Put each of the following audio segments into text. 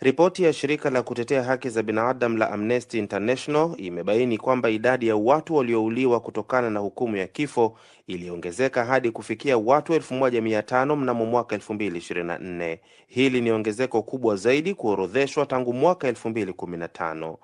Ripoti ya shirika la kutetea haki za binadamu la Amnesty International imebaini kwamba idadi ya watu waliouliwa kutokana na hukumu ya kifo iliongezeka hadi kufikia watu 1500 mnamo mwaka 2024. Hili ni ongezeko kubwa zaidi kuorodheshwa tangu mwaka 2015.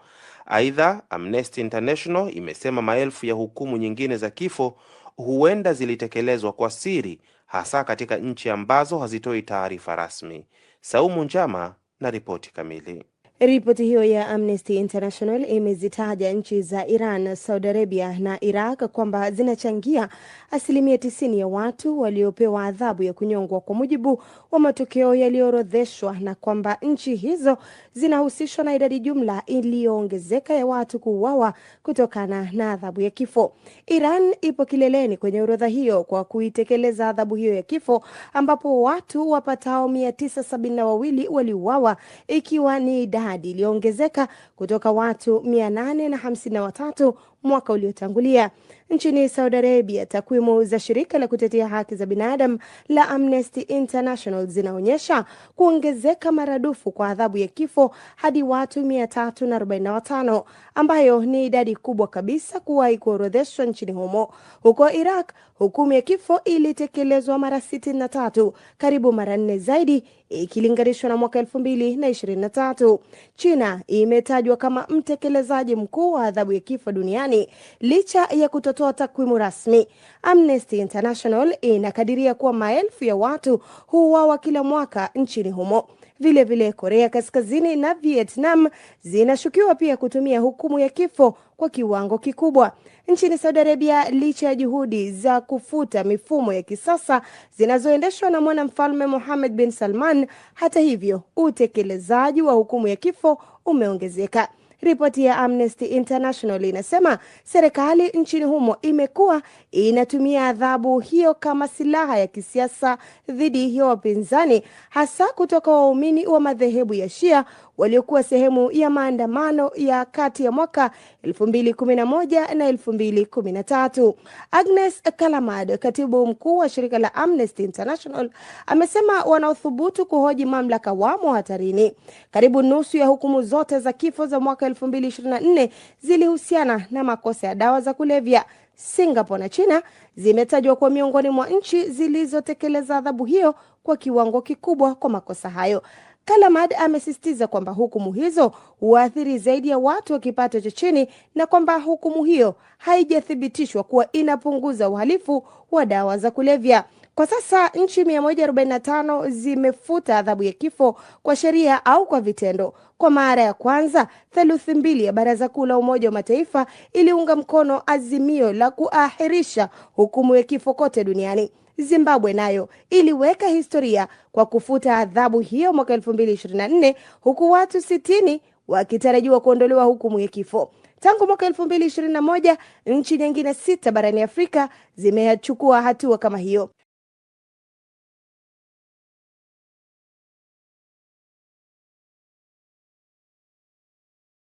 Aidha, Amnesty International imesema maelfu ya hukumu nyingine za kifo huenda zilitekelezwa kwa siri, hasa katika nchi ambazo hazitoi taarifa rasmi. Saumu Njama na ripoti kamili. Ripoti hiyo ya Amnesty International imezitaja nchi za Iran, Saudi Arabia na Iraq kwamba zinachangia asilimia tisini ya watu waliopewa adhabu ya kunyongwa kwa mujibu wa matokeo yaliyoorodheshwa na kwamba nchi hizo zinahusishwa na idadi jumla iliyoongezeka ya watu kuuawa kutokana na adhabu ya kifo. Iran ipo kileleni kwenye orodha hiyo kwa kuitekeleza adhabu hiyo ya kifo ambapo watu wapatao mia tisa sabini na wawili waliuawa ikiwa ni idadi idadi iliyoongezeka kutoka watu 853 mwaka uliotangulia. Nchini Saudi Arabia, takwimu za shirika la kutetea haki za binadamu la Amnesty International zinaonyesha kuongezeka maradufu kwa adhabu ya kifo hadi watu 345 ambayo ni idadi kubwa kabisa kuwahi kuorodheshwa nchini humo. Huko Iraq, hukumu ya kifo ilitekelezwa mara 63, karibu mara nne zaidi ikilinganishwa na mwaka 2023. China imetajwa kama mtekelezaji mkuu wa adhabu ya kifo duniani licha ya kutotoa takwimu rasmi. Amnesty International inakadiria kuwa maelfu ya watu huuawa kila mwaka nchini humo vile vile Korea Kaskazini na Vietnam zinashukiwa pia kutumia hukumu ya kifo kwa kiwango kikubwa. Nchini Saudi Arabia, licha ya juhudi za kufuta mifumo ya kisasa zinazoendeshwa na mwanamfalme Mohammed bin Salman, hata hivyo utekelezaji wa hukumu ya kifo umeongezeka. Ripoti ya Amnesty International inasema serikali nchini humo imekuwa inatumia adhabu hiyo kama silaha ya kisiasa dhidi ya wapinzani, hasa kutoka waumini wa madhehebu ya Shia waliokuwa sehemu ya maandamano ya kati ya mwaka 2011 na 2013. Agnes Kalamad, katibu mkuu wa shirika la Amnesty International, amesema wanaothubutu kuhoji mamlaka wamo hatarini. Karibu nusu ya hukumu zote za kifo za mwaka 2024 zilihusiana na makosa ya dawa za kulevya. Singapore na China zimetajwa kwa miongoni mwa nchi zilizotekeleza adhabu hiyo kwa kiwango kikubwa kwa makosa hayo. Kalamad amesisitiza kwamba hukumu hizo huathiri zaidi ya watu wa kipato cha chini na kwamba hukumu hiyo haijathibitishwa kuwa inapunguza uhalifu wa dawa za kulevya. Kwa sasa nchi 145 zimefuta adhabu ya kifo kwa sheria au kwa vitendo. Kwa mara ya kwanza, theluthi mbili ya Baraza Kuu la Umoja wa Mataifa iliunga mkono azimio la kuahirisha hukumu ya kifo kote duniani. Zimbabwe nayo iliweka historia kwa kufuta adhabu hiyo mwaka 2024 huku watu 60 wakitarajiwa kuondolewa hukumu ya kifo. Tangu mwaka 2021 nchi nyingine sita barani Afrika zimechukua hatua kama hiyo.